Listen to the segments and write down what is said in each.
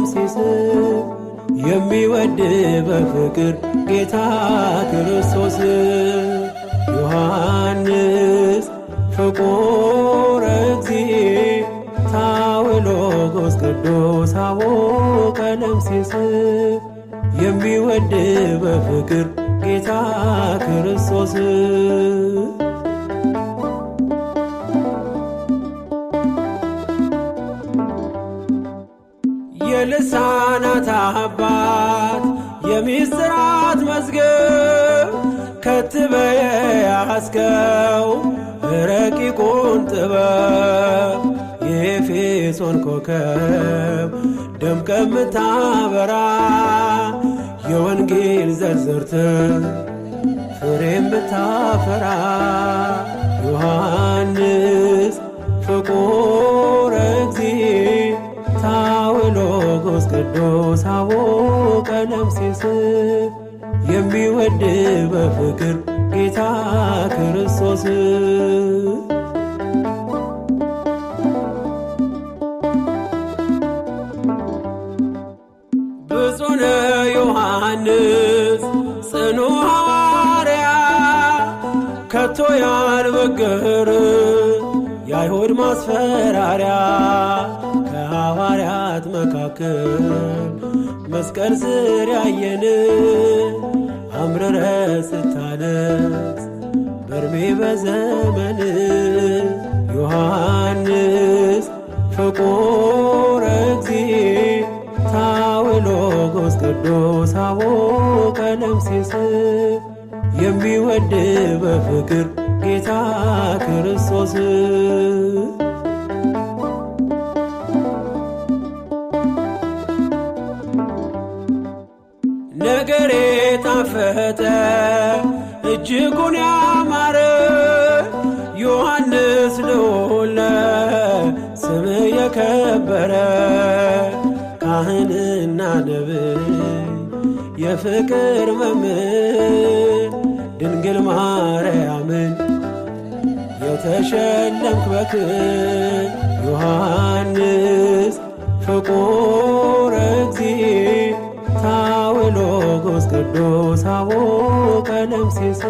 ዓለም ሲስብ የሚወድ በፍቅር ጌታ ክርስቶስ ዮሐንስ ፍቁረ እግዚእ ታውሎጎስ ቅዱስ አቦ ቀለም ሲስብ የሚወድ በፍቅር ጌታ ክርስቶስ የልሳናት አባት የምስራት መዝገብ ከትበ ረቂ ረቂቁን ጥበብ የኤፌሶን ኮከብ ደምቀ ምታበራ የወንጌል ዘርዝርት ፍሬ ምታፈራ ዮሐንስ ቅዱስ አወቀ ነፍሴን የሚወድ በፍቅር ጌታ ክርስቶስ ብፁነ ዮሐንስ ጽኑ ሐዋርያ ከቶ ያልበገር የአይሁድ ማስፈራሪያ ከሐዋርያ በእሳት መካከል መስቀል ስር ያየን አምረረ ስታለት በርሜ በዘመን ዮሐንስ ፍቁረ እግዚእ ታውሎጎስ ቅዱስ አቡነ ቀለምሲስ የሚወድ በፍቅር ጌታ ክርስቶስ ያጌጠ እጅጉን ያማረ ዮሐንስ ልዑል ስም የከበረ ካህንና ነብይ የፍቅር መምህር ድንግል ማርያምን የተሸለምክ በክብር ዮሐንስ ፍቁረ እግዚእ ቅዱስ አቡነ ቀለምሲስ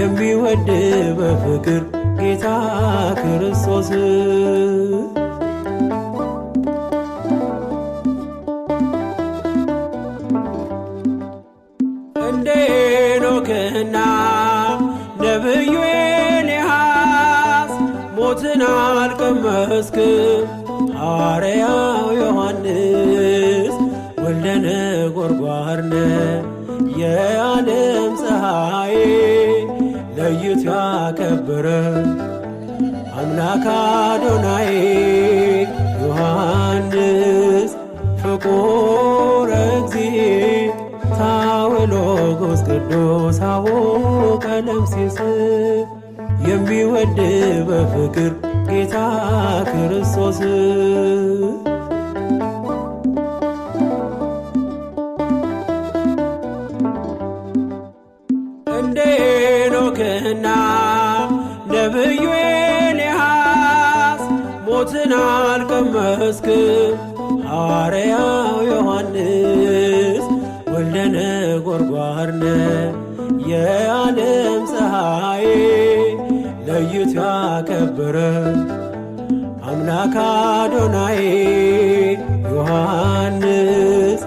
የሚወድ በፍቅር ጌታ ክርስቶስ እንደ ሄኖክና ነብዩ ኤልያስ ሞትን አልቀመስክም ሐዋርያው ዮሐንስ ወልደነ ነጎድጓድነ የዓለም ፀሐይ ለይቶ ያከበረ አምላክ አዶናይ ዮሐንስ ፍቁረ እግዚእ ታዌሎጎስ ቅዱስ አቡነ ቀለምሲስ የሚወድ በፍቅር ጌታ ክርስቶስ ነበርና ነብዩ ኤልያስ ሞትን አልቀመስክም። ሐዋርያው ዮሐንስ ወልደ ነጎድጓድነ የዓለም ፀሐይ ለይቶ ያከበረ አምላክ አዶናይ ዮሐንስ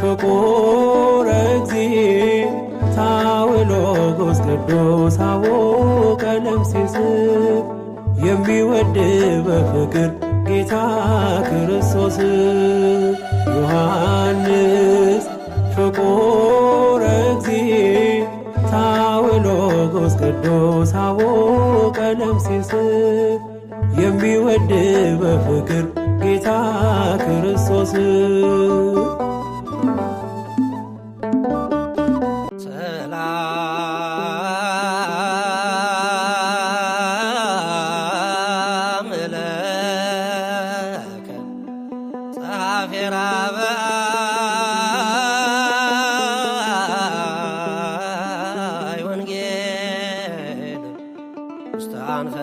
ፍቁር ቅዱስ አወቀ ነፍሴ የሚወድ በፍቅር ጌታ ክርስቶስ ዮሐንስ ፍቁረ እግዚእ ታወሎጎስ ቅዱስ አወቀ ነፍሴ የሚወድ በፍቅር ጌታ ክርስቶስ ውስተ አንፈ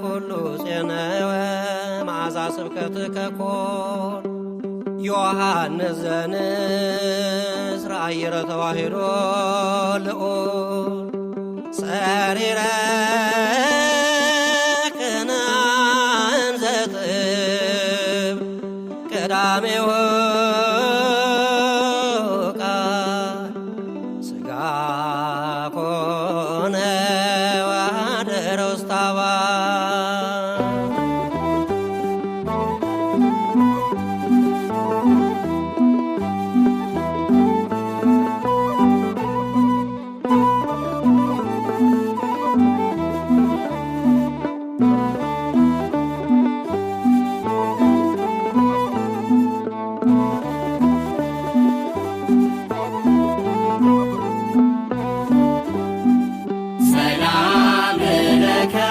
ኩሉ ጼነወ መዓዛ ስብከትከ ኮን ዮሐንስ ዘንሥራ አየረ ተዋሂዶ ልዑል ሰሪረ Monica.